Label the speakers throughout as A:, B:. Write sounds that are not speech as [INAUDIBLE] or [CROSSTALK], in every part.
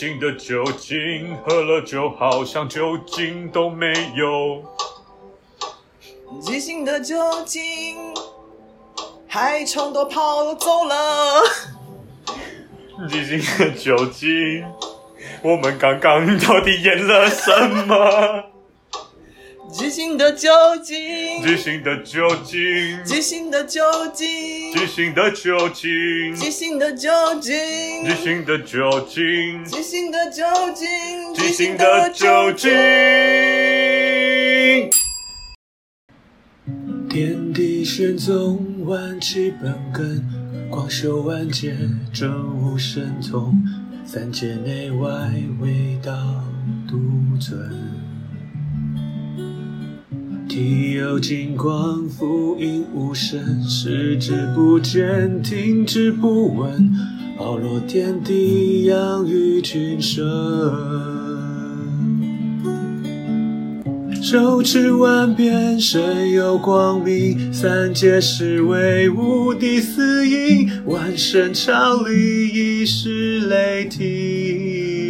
A: 即興的酒精，喝了酒好像酒精都沒
B: 有。即興的酒精，還全都跑走了。
A: 即興的酒精，我們剛剛到底演了什麼？ [LAUGHS] 即興
B: 的
A: 酒精，即興的酒精，即興的酒精，即興的酒精，即
B: 興的酒精，即興
A: 的酒精，即興的酒精，即興
B: 的酒
A: 精。天地玄宗，萬氣本根，光修萬界，正悟神通，三界內外，唯道獨尊。
B: 體有金光，覆映吾身，視
A: 之不見，聽之不聞，包羅天地，養育群生。受持萬遍，身有光明，三界侍衛，五帝司迎，萬神朝禮，役使雷霆。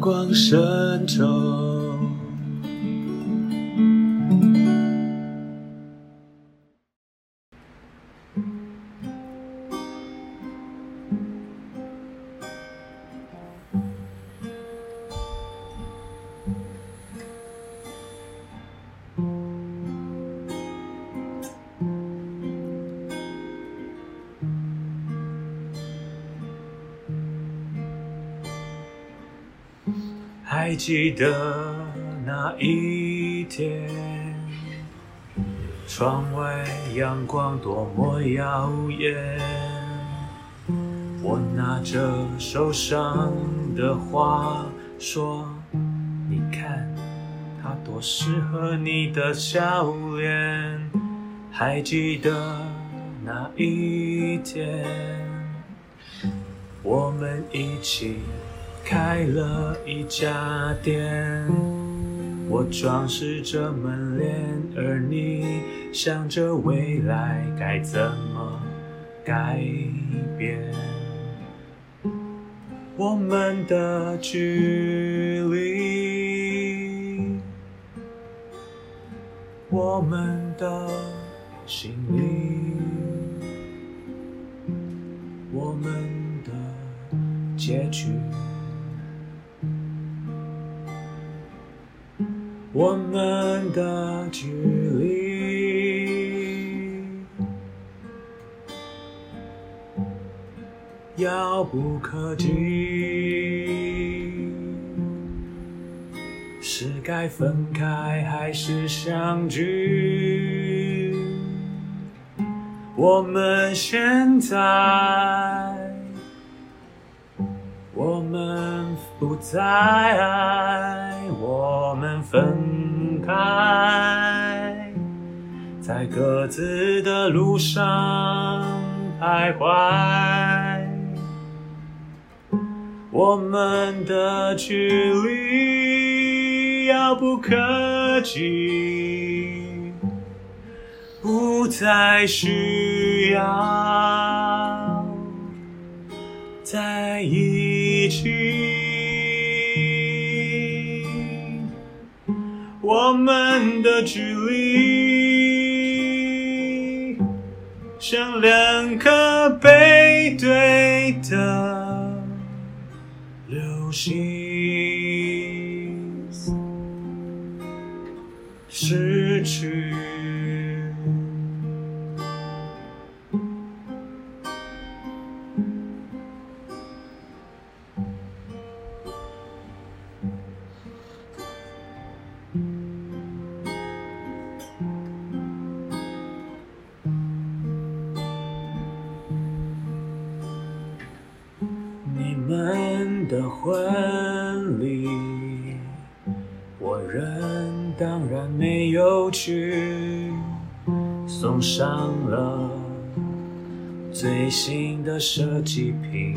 A: 光神咒。還記得那一天，窗外陽光多麼耀眼。我拿着手上的花說，你看，它多適合你的笑臉。還記得那一天，我們一起。開了一家店，我裝飾着門簾，而你想着未來該怎麼改變。 [NOISE] 我們的距離，我們的行李，我們的結局。我們的距離遙不可及，是該分開還是相聚？我們現在，我們不再愛。我們分開，在各自的路上徘徊。我們的距離遙不可及，不再需要在一起。我們的距離，像兩顆背對的流星，失去。上了最新的設計品，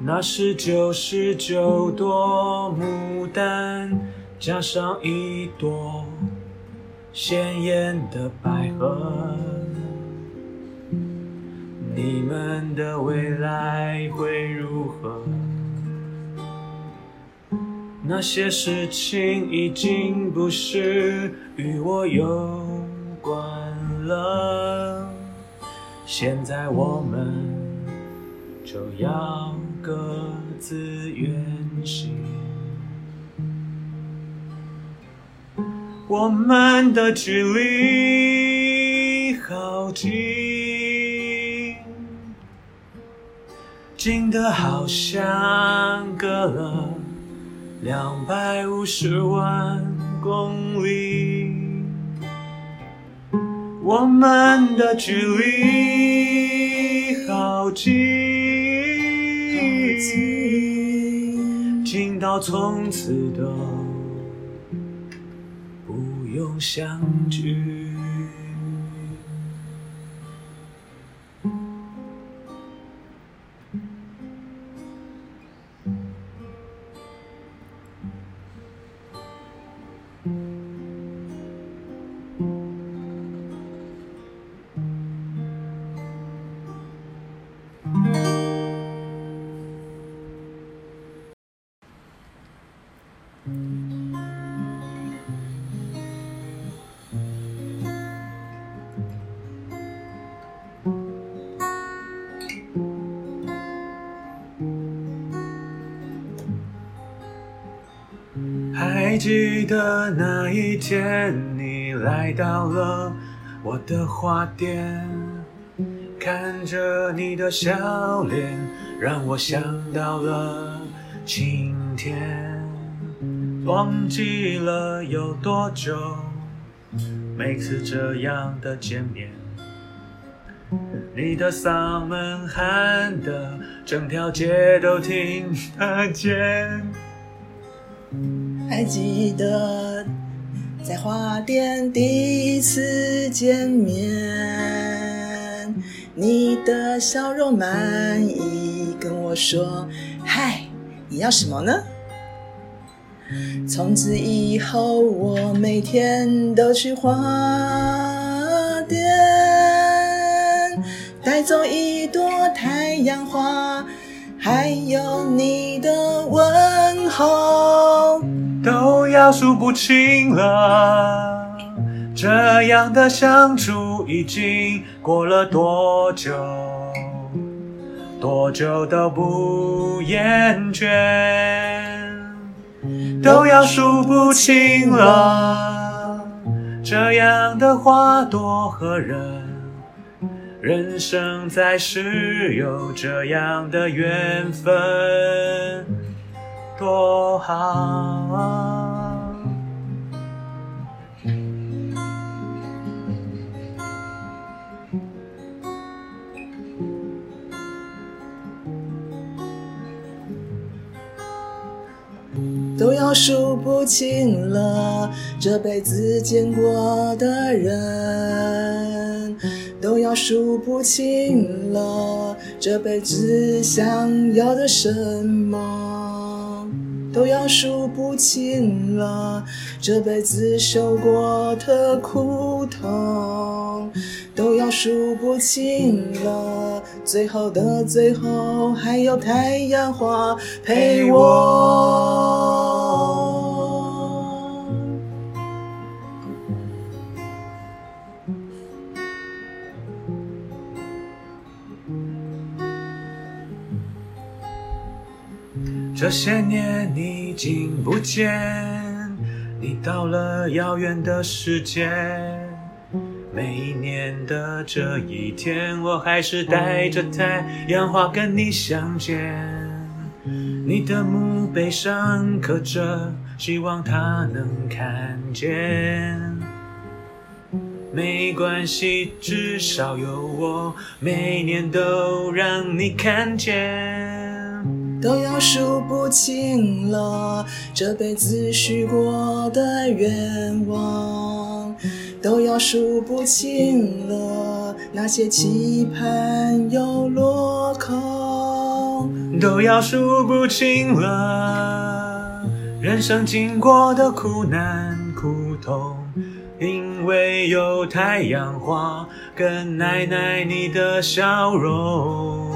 A: 那是九十九朵牡丹，加上一朵鮮豔的百合。你們的未來會如何？那些事情已經不是與我有關了。現在我們就要各自遠行。我們的距離好近，近得好像隔了。兩百五十萬公里，我們的距離好近，近到從此都不用相聚。的那一天，你來到了我的花店，看着你的笑臉，讓我想到了晴天。忘記了有多久，每次這樣的見面，你的嗓門喊得整條街都聽得見。
B: 還記得在花店第一次見面，你的笑容滿溢，跟我說嗨，你要什麼呢？從此以後，我每天都去花店，帶走一朵太陽花，還有你的問候。
A: 都要數不清了，這樣的相處已經過了多久？多久都不厭倦。都要數不清了，這樣的花朵和人，人生在世有這樣的緣分。多好啊，
B: 都要數不清了。這輩子見過的人，都要數不清了。這輩子想要的什麼？都要數不清了，這輩子受過的苦痛，都要數不清了，最後的最後，還有太陽花陪我。
A: 這些年你已經不見，你到了遙遠的世界。每一年的這一天，我還是帶着太陽花跟你相見。你的墓碑上刻着，希望他能看見。沒關係，至少有我，每年都讓你看見。
B: 都要數不清了，這輩子許過的願望，都要數不清了，那些期盼又落空，都要數不
A: 清了，人生經過的苦難苦痛，因為有太陽花跟奶奶你的笑容。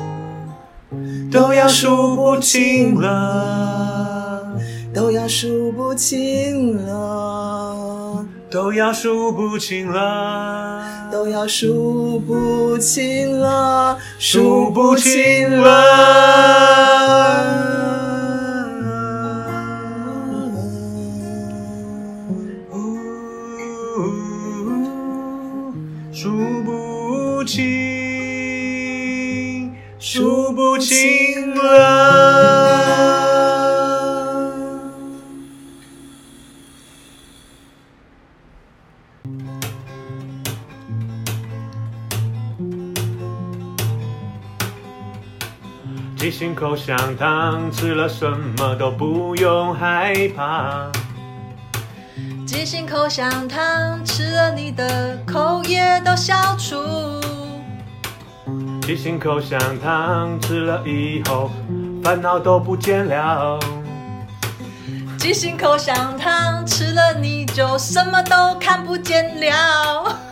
B: 都要數不清了，都要數不清了，
A: 都要數不清了，都要數不
B: 清了，數不清了。
A: 口香糖吃了什麼都不用害怕，
C: 即興口香糖吃了你的口也都消除，
A: 即興口香糖吃了以後煩惱都不見了，
C: 即興口香糖吃了你就什麼都看不見了。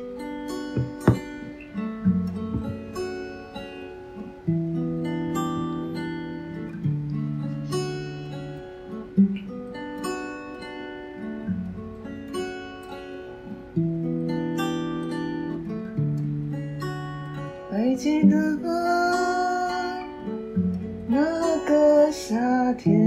B: 天，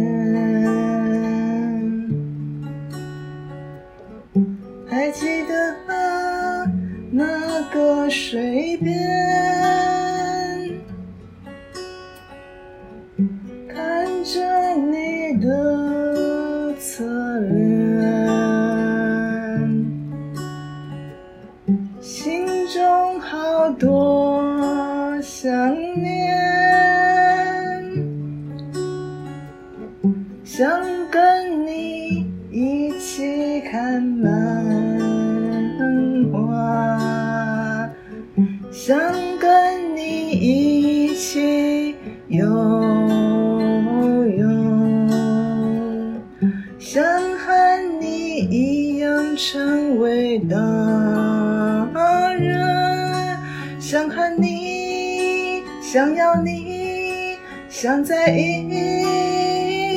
B: 還記得那個水邊。想在一,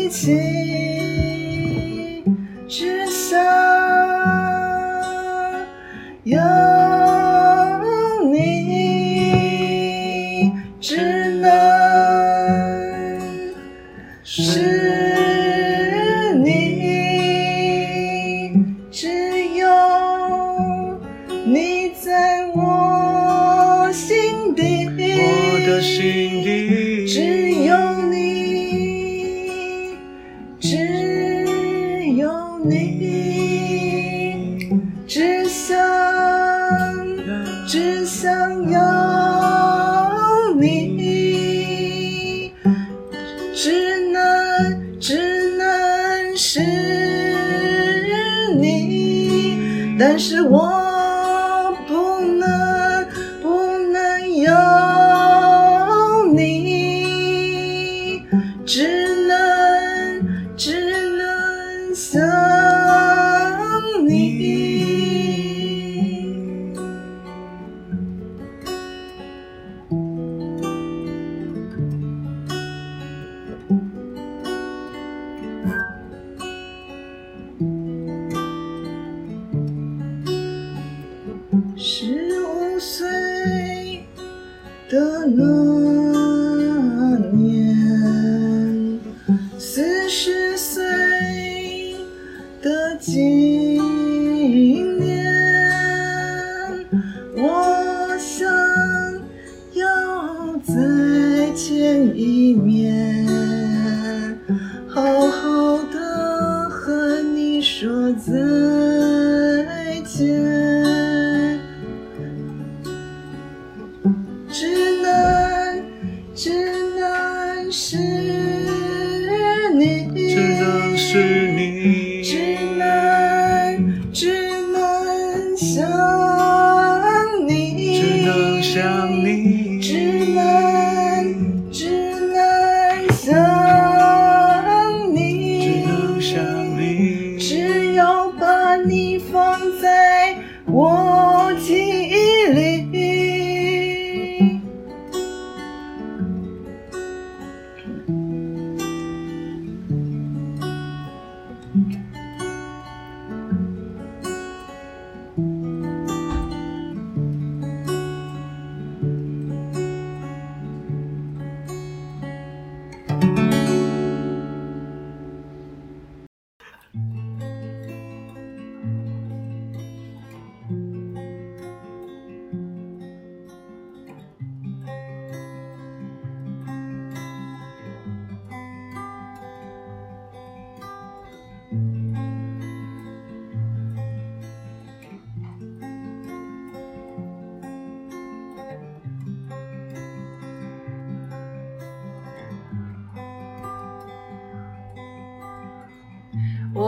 B: 一起。但是我。一面。嗯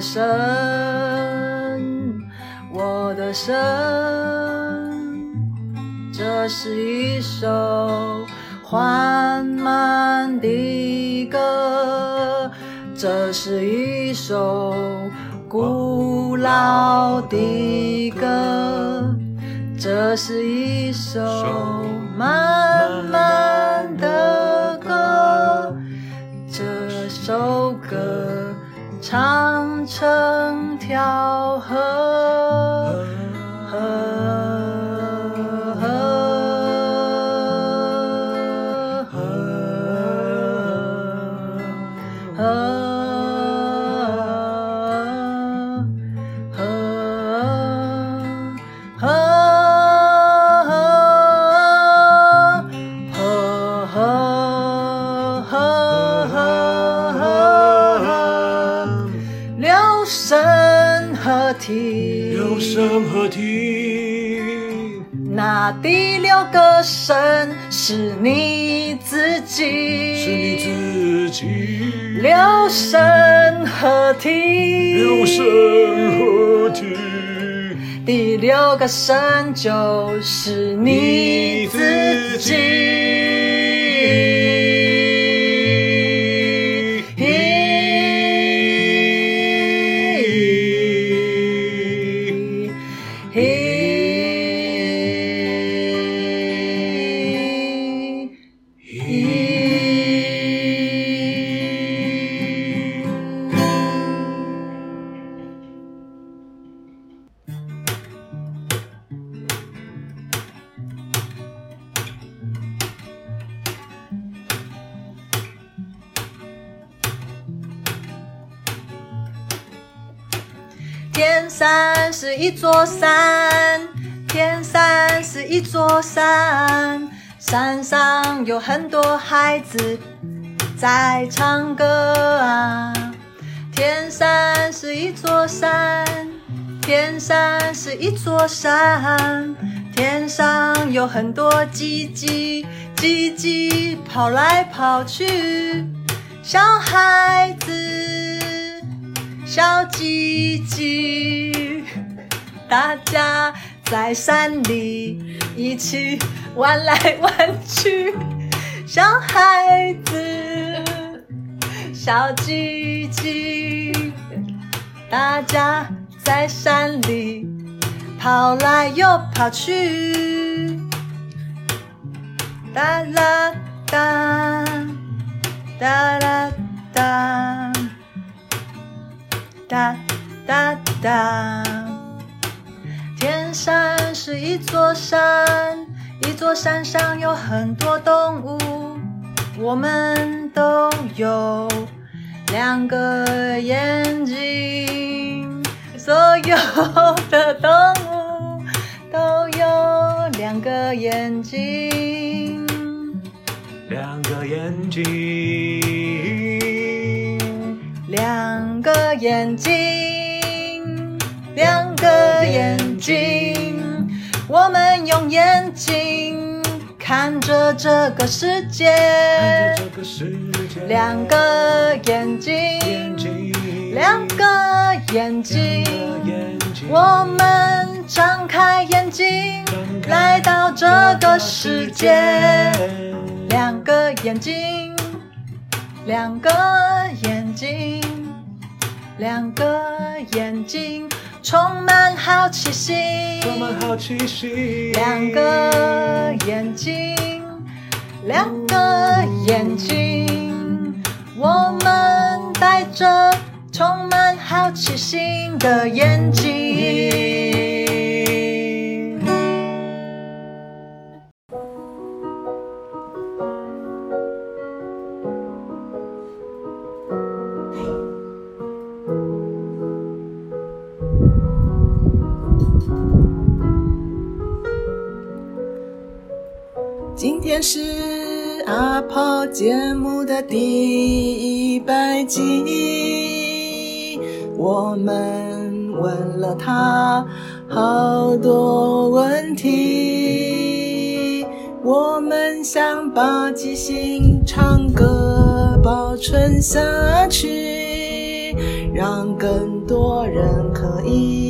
C: 的神，我的神，這是一首緩慢的歌，這是一首古老的歌，這是一首慢慢的歌，這首歌唱。成條河。第六個神是你自己，是你自己，六神合體，六神合體，第六個神就是你自己。是一座山，天山是一座山，山上有很多孩子在唱歌啊。天山是一座山，天山是一座山，天上有很多雞雞雞雞跑來跑去，小孩子，小雞雞。大家在山裡一起玩來玩去，小孩子，小雞雞。大家在山裡跑來又跑去，噠啦噠，噠啦噠，噠噠噠噠。天山是一座山，一座山上有很多動物。我們都有兩個眼睛，所有的動物都有兩個眼睛，
A: 兩個眼睛，
C: 兩個眼睛，兩。睛，我們用眼睛看着這個世界，兩個眼睛，兩個眼睛，我們張開眼睛來到這個世界，兩個眼睛，兩個眼睛，兩個眼睛。充滿好奇心，兩個眼睛，兩個眼睛，我們帶着充滿好奇心的眼睛。
B: 節目的第一百集，我們問了他好多問題。我們想把即興唱歌保存下去，讓更多人可以。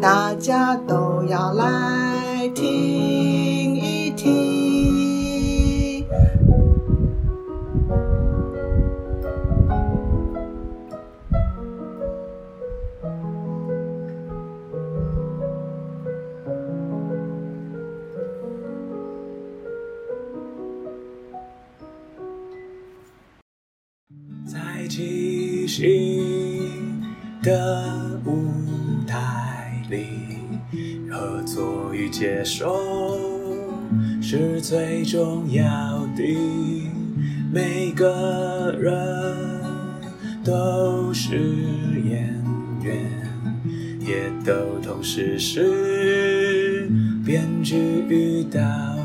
B: 大家都要來聽。
A: 接受是最重要的。每個人都是演員，也都同時是編劇與導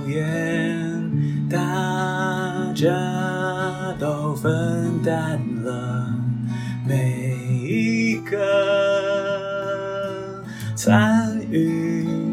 A: 演。大家都分擔了每一個參與。